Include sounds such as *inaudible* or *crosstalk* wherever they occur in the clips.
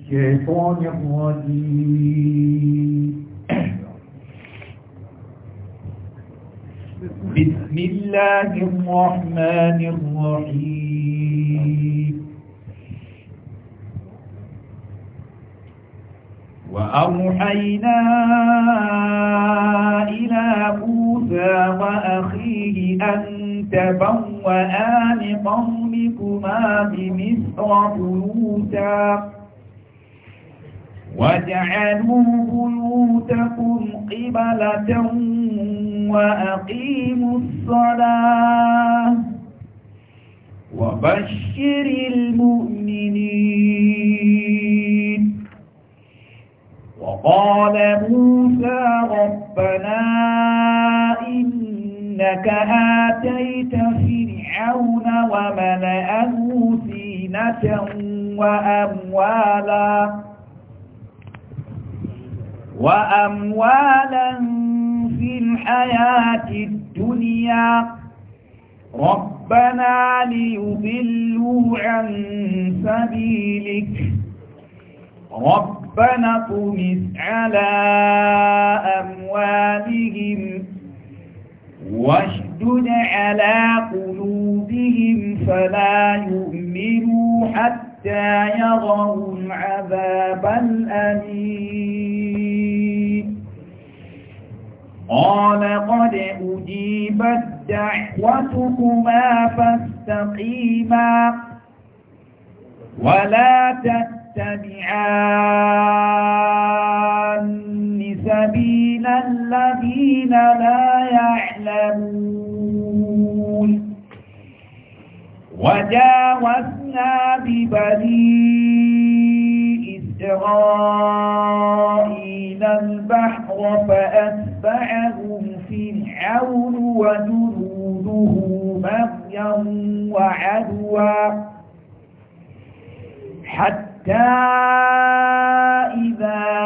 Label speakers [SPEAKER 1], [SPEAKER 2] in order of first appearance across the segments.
[SPEAKER 1] الشيطان الرجيم بسم الله الرحمن الرحيم وأوحينا إلى موسى وأخيه أن تبوأ لقومكما بمصر بيوتا واجعلوا بيوتكم قبلة وأقيموا الصلاة وبشر المؤمنين وقال موسى ربنا إنك آتيت فرعون وملأه زينة وأموالا وأموالا في الحياة الدنيا ربنا ليضلوا عن سبيلك ربنا طمس على أموالهم واشدد على قلوبهم فلا يؤمنوا حتى يروا العذاب الأليم قال قد أجيبت دعوتكما فاستقيما ولا تتبعان سبيل الذين لا يعلمون وجاوزنا ببني إسرائيل البحر فأتبعهم فرعون وجنوده بغيا وعدوا حتى إذا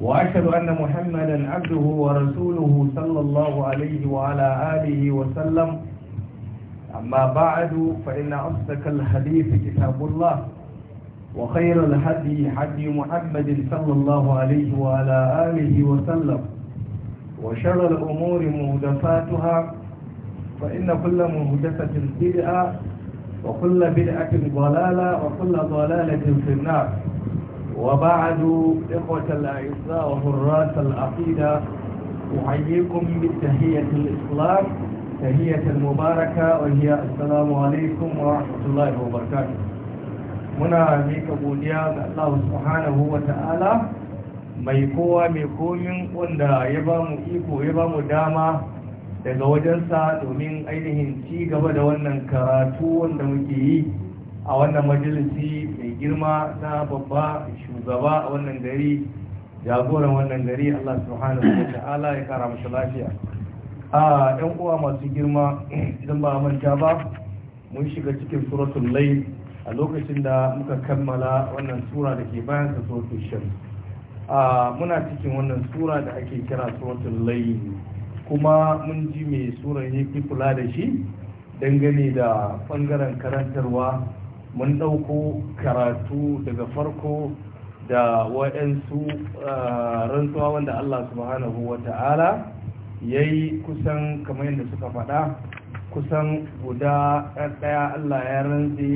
[SPEAKER 2] وأشهد أن محمدا عبده ورسوله صلى الله عليه وعلى آله وسلم أما بعد فإن أصدق الحديث كتاب الله وخير الهدي هدي محمد صلى الله عليه وعلى آله وسلم وشر الأمور مهدفاتها فإن كل مهدفة بدعة وكل بدعة ضلالة وكل ضلالة في النار وبعد إخوة الأعزاء وحراس العقيدة أحييكم بالتحية الإسلام تحية المباركة وهي السلام عليكم ورحمة الله وبركاته muna miƙa godiya ga subhanahu wa ta'ala mai kowa mai komin wanda ya ba mu iko ya ba mu dama daga wajensa domin ainihin ci gaba da wannan karatu wanda muke yi a wannan majalisi mai girma na babba shugaba a wannan gari jagoran wannan gari Allah subhanahu wa ta'ala ya kara masa lafiya a ɗan uwa masu girma idan ba manta ba mun shiga cikin suratul layl a lokacin da muka kammala wannan sura da ke bayan ta suratul shams a muna cikin wannan sura da ake kira suratul layl kuma mun ji mai sura ne kula da shi dangane da bangaren karantarwa mun ɗauko karatu daga farko da waɗansu ah, rantsuwa wanda Allah subhanahu wa ta'ala ya yi kusan kamar yadda suka faɗa kusan guda ɗaya Allah ya rantsi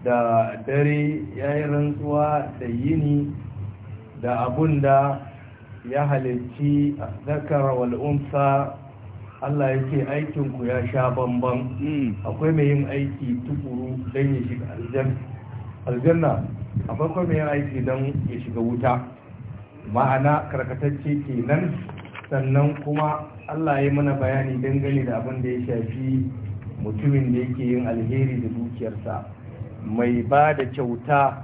[SPEAKER 2] da dare ya yi rantsuwa da yini da abun da ya halicci zakara umsa. Allah ya ce aikinku ya sha bamban hmm. akwai mai yin aiki tukuru don ya shiga aljanna aljanna akwai kuma mai yin aiki don ya shiga wuta ma'ana karkatacce kenan sannan kuma Allah ya mana bayani dangane da abin da ya shafi mutumin da yake yin alheri da dukiyarsa mai ba da kyauta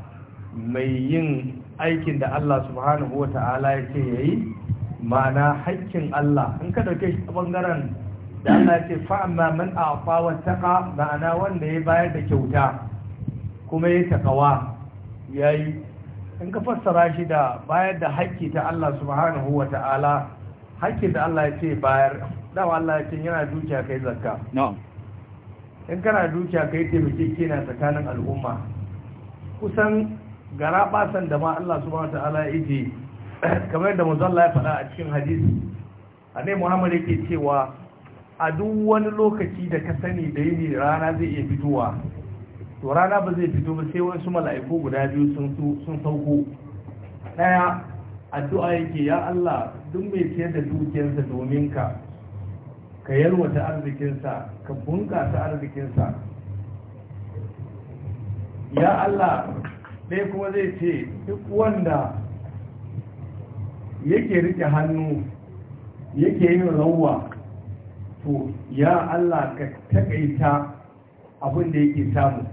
[SPEAKER 2] mai yin aikin da Allah subhanahu wa ta'ala ya ce ya yi ma'ana haƙƙin Allah in ka dauke shi bangaren da Allah ya ce fa amma man a'ta wa taqa ma'ana wanda ya bayar da kyauta kuma ya takawa yayi in ka fassara shi da bayar da haƙƙi ta Allah subhanahu wa ta'ala haƙƙin da Allah ya ce bayar da Allah ya ce yana dukiya kai zakka in kana dukiya kai taimake kina tsakanin al'umma kusan gara san da ma Allah subhanahu wa ta'ala ya ije *clears throat* kamar da mazalla ya faɗa a cikin hadisi ne muhammad yake cewa a duk wani lokaci da ka sani da yini rana zai iya fitowa to rana ba zai fito ba sai wasu mala'iku guda biyu sun sauko ɗaya addu'a yake ya Allah duk mai ciyar da dukiyarsa domin ka ka yalwata arzikinsa ka bunƙasa arzikinsa ya Allah ɗaya kuma zai ce duk wanda yake rike hannu yake yin rawa to ya Allah ka takaita abin da yake samu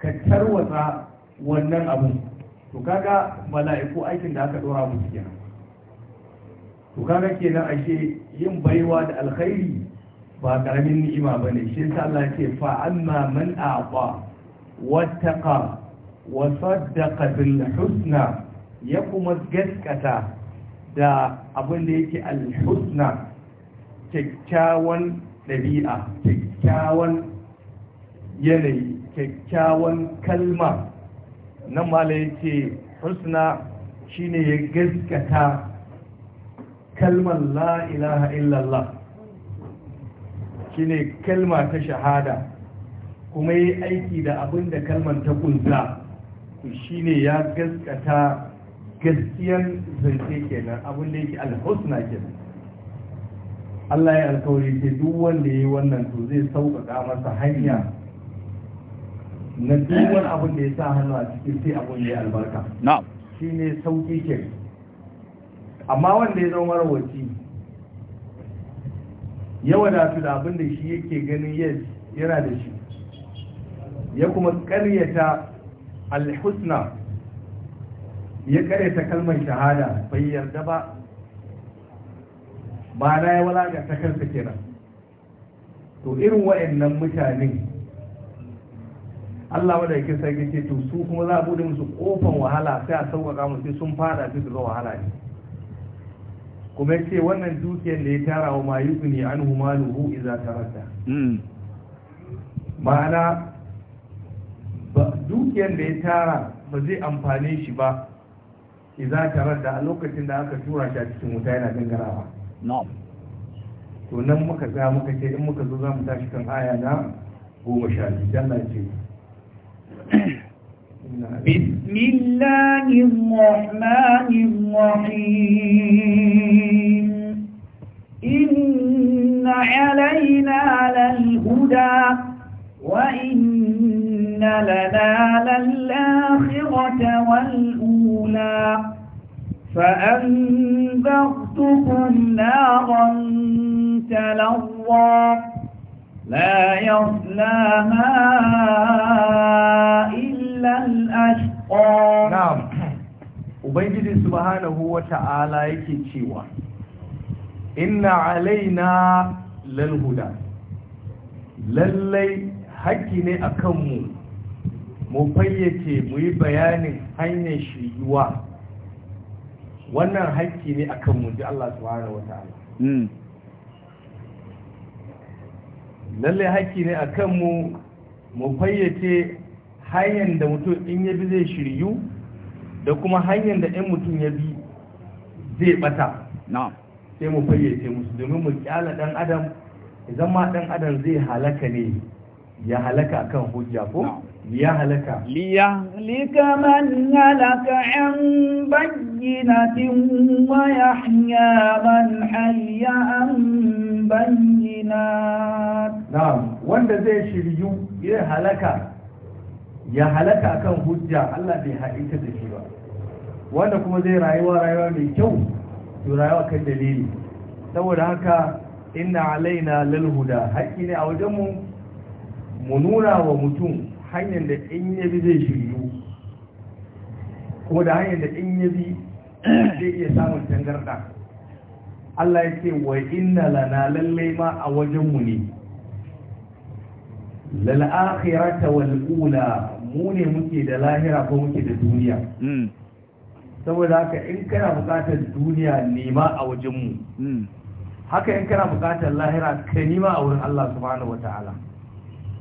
[SPEAKER 2] ka tarwatsa wannan abin to kaga mala'iku aikin da aka dora musu kenan to kaga kenan ashe yin baiwa da alkhairi ba karamin ni'ima bane shi yasa Allah yake fa amma man a'ta wattaqa wa saddaqa bil husna ya kuma gaskata da abin da yake alhusna kyakkyawan ɗabi'a kyakkyawan yanayi kyakkyawan kalma nan mala yake husna shine ya gaskata kalmar la ilaha illallah shine kalma ta shahada kuma yi aiki da abin da kalmar ta kunsa shine ya gaskata gaskiyan zance kenan abin da yake alhusna kenan Allah ya alkawari ce duk wanda ya yi wannan to zai sauƙaƙa masa hanya na duk wani abin da ya sa hannu a cikin sai abin da ya albarka shi ne sauƙi ke amma wanda ya zama rawaci ya su da abin da shi yake ganin yana da shi ya kuma ƙaryata alhusna ya ta kalmar shahada bai yarda ba ba na ya walaga ta kansa kenan to irin wa'annan mutanen Allah wadda yake sai yake to su kuma za a bude musu kofan wahala sai a sauƙaƙa mu sai sun fada su zuwa wahala ne kuma yace wannan dukiyar da ya tara wa mayu ne an humaluhu iza tarata hmm. ma'ana dukiyar da ya tara ba zai amfane shi ba iza ta rada a lokacin da aka tura shi a cikin wuta yana gangarawa to nan muka tsaya muka ce in muka zo za mu tashi kan aya na goma sha biyu na ce بسم
[SPEAKER 1] الله الرحمن الرحيم إن علينا للهدى وإن لنا للآخرة والأولى فأنذرتكم نارا تلظى لا يصلاها إلا الأشقى
[SPEAKER 2] نعم Ubangiji subhanahu wa ta'ala yake cewa, Inna alaina lalhuda, lallai haƙƙi ne a kanmu mu fayyace mu yi bayanin hanyar shiriwa wannan haƙƙi ne akan mu ji Allah subhanahu wataala hmm. lallai haƙƙi ne akan mu mu fayyace hanyar da mutum in ya bi zai shiryu da kuma hanyar da ɗan mutum ya bi zai bata sai mu fayyace musu domin mu kyala ɗan adam idan ma ɗan adam zai halaka ne ya halaka akan hujja ko ليهلك
[SPEAKER 1] ليهلك من هلك عن بينة ويحيى من حي عن بينات
[SPEAKER 2] نعم وانت زي شريو يهلك يهلك أكن هجة الله بها إتدشيبا wanda kuma zai rayuwa rayuwa mai kyau to rayuwa kan dalili saboda haka inna alaina lal huda haƙƙi ne a wajenmu mu nuna wa mutum hanyar da in yabi zai shiryu ko da hanyar da in yabi zai iya samun tangarda Allah ya ce wa inna lana lallai ma a wajenmu ne lal'akhirata wal ula mu ne muke da lahira ko muke da duniya hmm. saboda haka in kana bukatar duniya nema a wajenmu hmm. haka in kana bukatar lahira ka nima a wurin Allah subhanahu wata'ala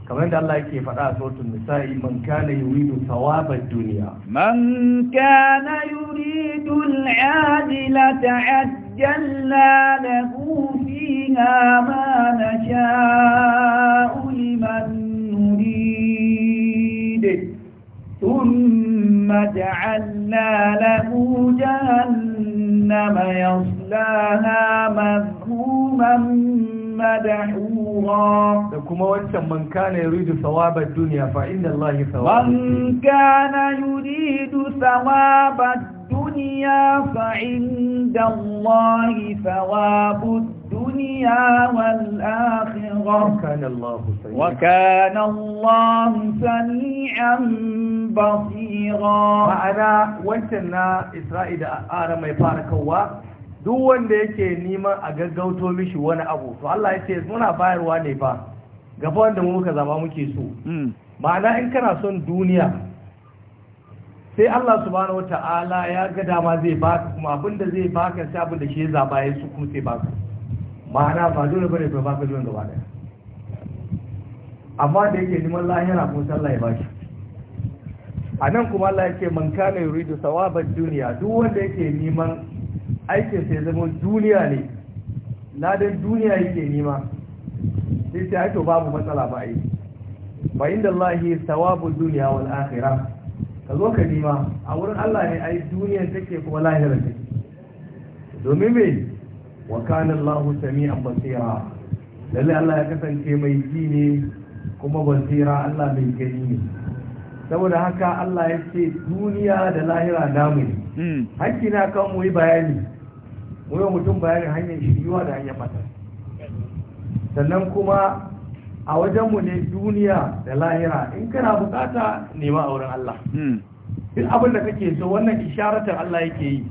[SPEAKER 2] kamar da Allah yake faɗa a sautin nisa'i man kana yuridu thawabad dunya
[SPEAKER 1] man kana yuridu al-ajilata ajjalna lahu fiha ma nasha'u liman nurid ثم جعلنا له جهنم يصلاها مذموما مدحورا مشكورا
[SPEAKER 2] لكما وانت من كان يريد ثواب الدنيا فإن الله ثواب من
[SPEAKER 1] كان يريد ثواب الدنيا فعند الله ثواب الدنيا والآخرة وكان
[SPEAKER 2] الله سميعا وكان
[SPEAKER 1] الله سميعا بصيرا معنا وانت إسرائيل
[SPEAKER 2] آرم يبارك الله duk wanda yake nima a gaggauto mishi wani abu to Allah ya ce muna bayarwa ne fa gaba wanda mu muka zama muke so hmm. ma'ana in kana son duniya sai Allah subhanahu wata'ala ya ga dama zai baka kuma abinda zai baka sai abin da shi ya zaba ya su kuma sai baka ma'ana ba dole bane ba baka dole gaba daya amma da yake neman lahira ko sallah ya bashi a nan kuma Allah ya ce man kana yuridu thawabad duniya duk wanda yake neman aikin sai zama duniya ne Na dan duniya yake nema sai sai aito babu matsala ba yi ba inda Allah sawabu duniya wal akhirah ka zo ka nima. a wurin Allah ne ai duniyar take kuma lahira take domin me wa kana Allah sami'an basira lalle Allah ya kasance mai ji ne kuma basira Allah mai gani ne saboda haka Allah ya ce duniya da lahira namu ne hmm. hakki na kan mu yi bayani mu yau mutum bayanin hanyar shiriwa da hanyar mata sannan kuma a wajenmu ne duniya da lahira in kana bukata nema a wurin Allah hmm. duk abin da kake so wannan isharatar Allah yake yi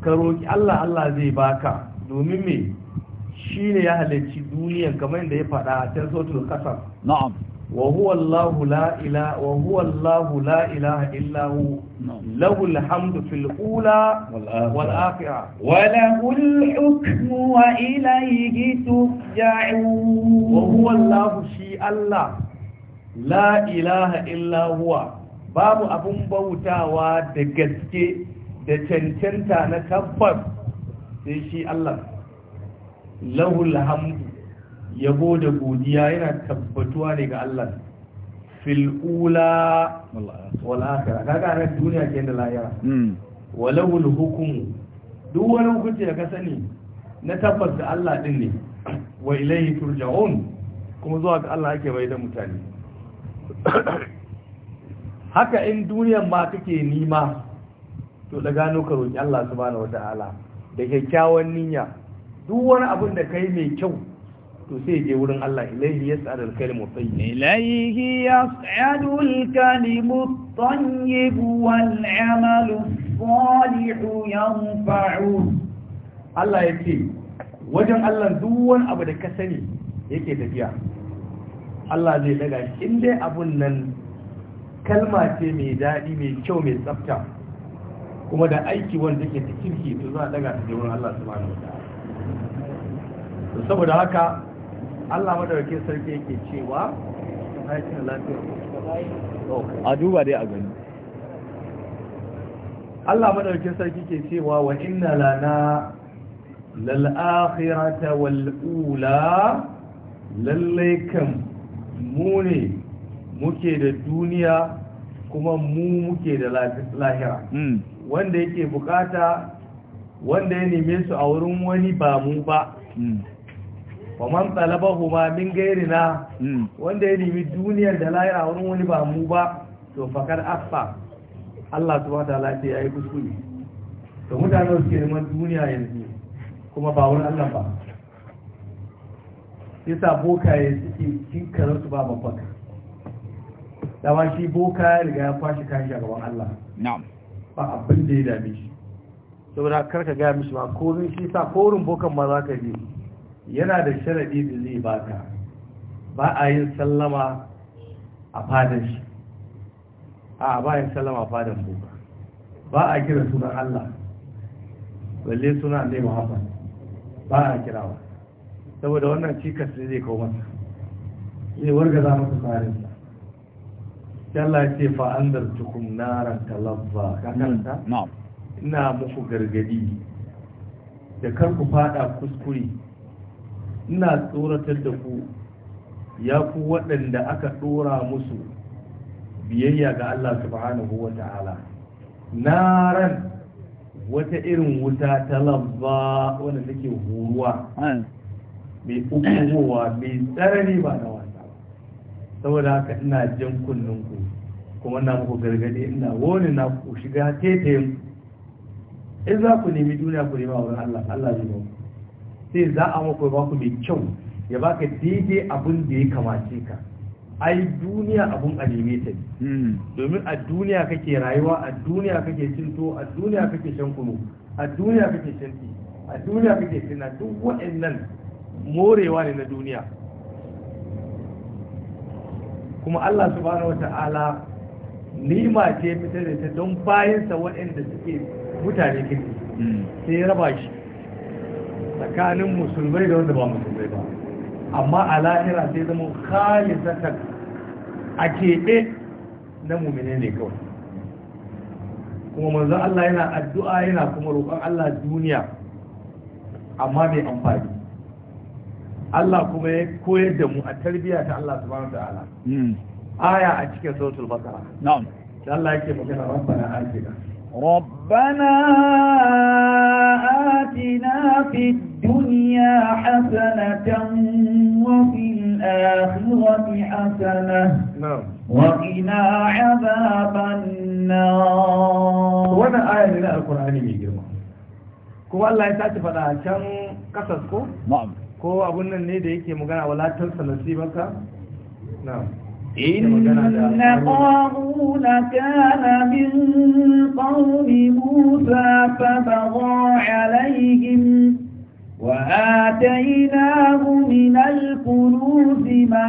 [SPEAKER 2] ka roƙi Allah Allah zai baka domin me shi ne ya halarci duniyan kamar yadda ya faɗa a can sautin kasar wa huwa Allah la ilaha illa hu lahul hamdu fil
[SPEAKER 1] ula
[SPEAKER 2] wal akhirah wa
[SPEAKER 1] lahul shi Allah
[SPEAKER 2] la ilaha illa babu abin bautawa da gaske da cancanta na tabbas sai shi Allah lahul yabo da godiya yana tabbatuwa ne ga Allah fil ula wal akhirah kaga ran duniya ke da lahira hmm. walawul al duk wani hukunci da ka sani na tabbas da Allah din ne wa ilayhi turja'un kuma zuwa ga Allah ake bai da mutane haka in duniyan ma kake nima to da gano ka roki Allah subhanahu wata'ala da kyakkyawan niyya duk wani abin da kai mai kyau to sai je wurin Allah ilaihi yas'ad al-kalimu tayyib
[SPEAKER 1] ilaihi yas'ad al-kalimu tayyib wal 'amalu salihu
[SPEAKER 2] yanfa'u Allah yake wajen Allah duk wani abu da ka sani yake tafiya Allah zai daga in dai abun nan kalma ce mai daɗi mai kyau mai tsafta kuma da aiki wanda ke ta kirki to za a daga ta wurin Allah subhanahu wataala saboda haka Allah madawake sarki yake cewa haikin lafiya a duba dai a gani Allah madawake sarki ke cewa wa inna lana wal ula lallai kan mu ne muke da duniya kuma mu muke da lahira hmm. wanda yake bukata wanda ya neme su a wurin wani ba mu ba hmm. wa man talabahu ma min gairina hmm. wanda ya nemi duniyar da lahira wurin wani ba mu ba to fakar afa Allah subhanahu ta'ala ce yayi kuskure to mutane su ke neman duniya yanzu kuma ba wurin Allah ba yasa bokaye suke cin karar su ba mafaka dama shi boka ya riga ya kwashi kashi a gaban Allah na'am ba abin da ya dame shi saboda karka gaya mishi ba ko shi sa korin bokan ma za ka je yana da sharaɗi da zai baka ba a yin sallama a fadar shi a ba a yin sallama a fadar boka ba a kira sunan Allah balle suna ne Muhammad ba a kirawa saboda wannan cikas ne zai kawo masa zai warga za masa tsarinsa Allah ya ce fa an zartukum naran talabba kakanta mm, ina muku gargadi da kar ku fada kuskure ina tsoratar da ku ya ku waɗanda aka ɗora musu biyayya ga Allah subhanahu wa ta'ala na ran wata irin wuta ta labba wanda take huruwa mai ukuwa mai tsarari ba na wasa saboda haka ina jan kunninku kuma na muku gargaɗe ina wani na ku shiga tetayen in za ku nemi duniya ku nema wurin Allah Allah zai ba ku sai za a mako ba ku mai kyau ya baka daidai abin da ya kamace ka ai duniya abun a neme ta ne hmm. domin a duniya kake rayuwa a duniya kake cinto a duniya kake shan kunu a duniya kake shanti a duniya kake cina duk waɗannan morewa ne na duniya kuma Allah subhanahu wata'ala nima ce fitar da ta don bayansa waɗanda suke mutane kirki hmm. sai raba shi tsakanin musulmai da wanda ba musulmai ba amma a lahira sai zama khalisatan a keɓe na mummine ne kawai kuma manzo Allah yana addu'a yana kuma roƙon Allah duniya amma mai amfani Allah kuma ya koyar da mu a tarbiyya ta Allah subhanahu wa ta'ala hmm. aya a cikin
[SPEAKER 1] suratul baqara na'am da Allah yake magana rabbana atina rabbana آتنا في الدنيا حسنة وفي الآخرة حسنة وقنا عذاب النار wannan aya ne na alkur'ani mai girma kuma Allah ya tace fada a can kasas ko na'am
[SPEAKER 2] nan ne da yake magana wala tansa nasibanka na'am إن
[SPEAKER 1] قارون كان من قوم موسى فبغى عليهم وآتيناه من الكنوز ما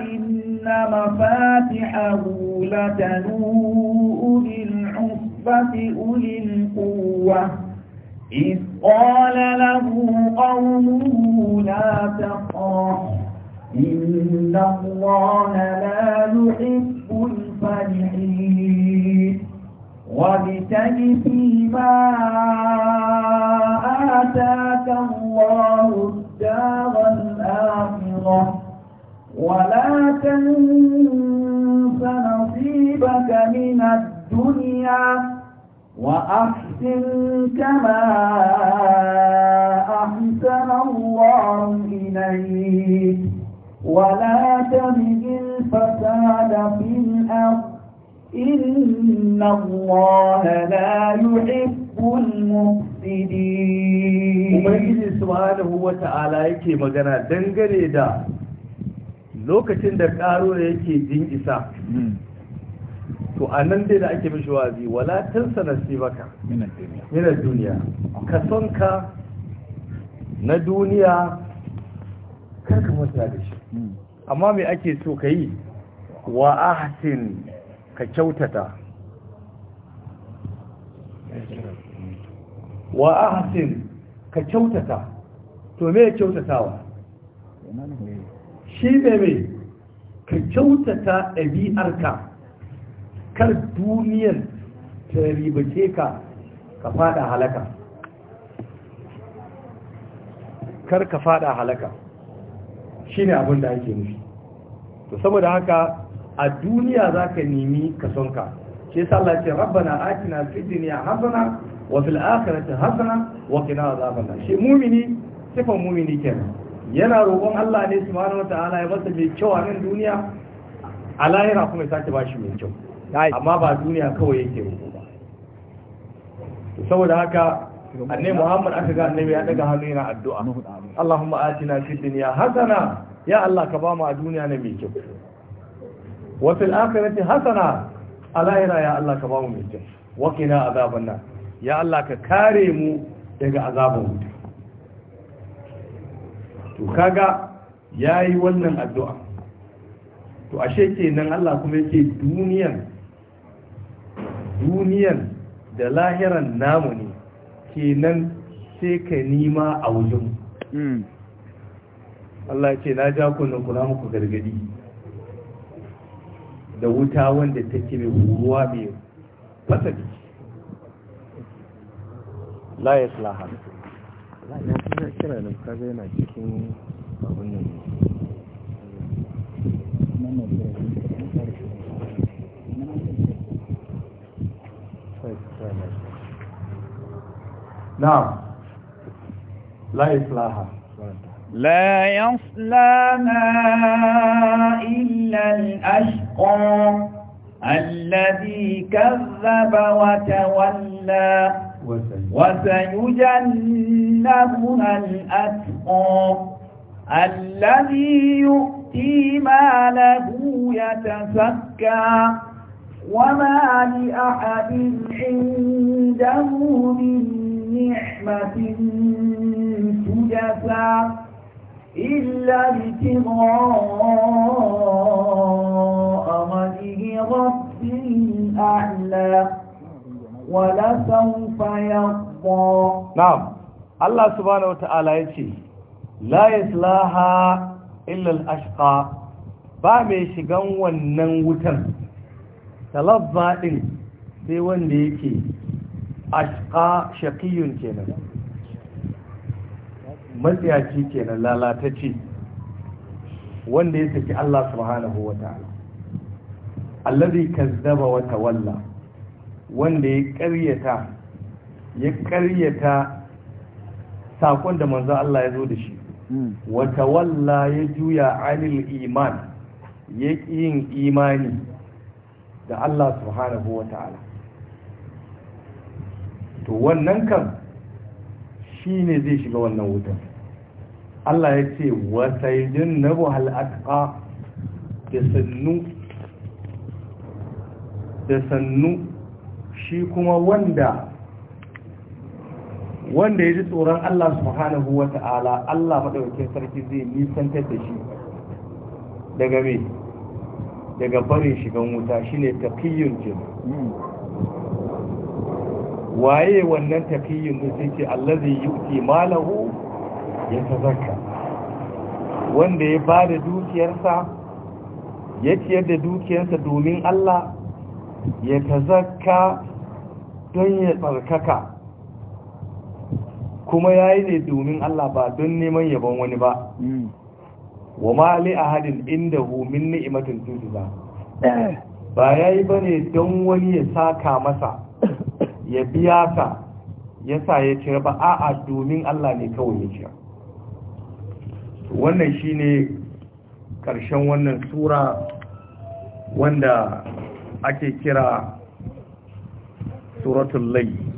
[SPEAKER 1] إن مفاتحه لتنوء بالعصبة أولي القوة إذ قال له قومه لا تخاف إن الله لا يحب الفرحين وابتل فيما آتاك الله الدار الآخرة ولا تنس نصيبك من الدنيا وأحسن كما أحسن الله إليك ولا تبغ الفساد في الأرض إن الله لا يحب المفسدين ومجد subhanahu wa
[SPEAKER 2] ta'ala yake magana dangane da lokacin da ƙaro yake jin isa hmm. to a nan dai da ake mishi wazi wala tansa nasibaka mina duniya ka son ka na duniya karka mutu da shi amma me ake so ka yi wa ahsin ka kyautata wa ahsin ka kyautata to me kyautatawa shi me me ka kyautata ɗabi'arka kar duniyar ta ribace ka ka fada halaka kar ka fada halaka shine abin da ake nufi to saboda haka a duniya za ka nemi kasonka shi yasa Allah ce rabbana atina ne a hasana wasu fil hasana wa na azaban shi mu'mini sifan mu'mini kenan yana roƙon Allah ne su wata ala ya masa mai kyau a nan duniya a lahira kuma ya sake bashi mai kyau amma ba duniya kawai yake roƙo ba saboda haka annabi Muhammad aka ga annabi ya daga hannu yana addu'a Allahumma atina fid dunya hasana ya Allah ka ba mu a duniya ne mai kyau wa fil akhirati hasana a lahira ya Allah ka ba mu mai kyau wa qina azaban nar ya Allah ka kare mu daga azaban wuta to kaga yayi wannan addu'a to ashe kenan Allah kuma yake duniyan duniyan da lahiran namu ne kenan sai ka nima a wajen hmm. Allah ce na ja ku na kuna muku gargadi da wuta wanda take mai ruwa mai fasa jiki la ya slaha ya kira kira da kaga yana cikin abin nan Thank you. نعم لا يصلاها
[SPEAKER 1] لا يصلاها إلا الأشقى الذي كذب وتولى وسيجنبها الأتقى الذي يؤتي ماله يتزكى وما لأحد عنده من نعمة تجسى إلا ابتغاء وجه رب الأعلى ولسوف يرضى نعم الله سبحانه وتعالى يقول
[SPEAKER 2] لا يصلاها إلا الأشقى ba mai shigan wannan wutan talabba ɗin sai wanda yake ashqa shaqiyun kenan matsiyaci kenan lalatacce wanda ya saki Allah subhanahu wataala allazi kazzaba wa tawalla wanda ya ƙaryata ya ƙaryata sakon da manzo Allah ya zo da shi hmm. wa tawalla ya juya anil iman ya yin imani da Allah subhanahu wataala to wannan kan shi ne zai shiga wannan wutan Allah ya ce jin na buhal atqa da sannu da sannu shi kuma wanda wanda ya ji tsoron Allah subhanahu wa ta'ala Allah maɗaukin sarki zai nisantar da shi daga mai daga barin shigan wuta shi ne taƙiyyar jini waye wannan taqiyin da sai ce yi yuti malahu yatazakka wanda ya da dukiyarsa ya ciyar da dukiyarsa domin Allah ya tazakka don ya tsarkaka kuma ya yi ne domin Allah ba don neman yabon wani ba hmm. wa mali a hadin inda homin ni'imatin tutu ba ba ya yi ba ne don wani ya saka masa ya biya ka ya sa ya ciyar ba a'a domin Allah ne kawai ya ciyar wannan shi ne ƙarshen wannan sura wanda ake kira suratun lai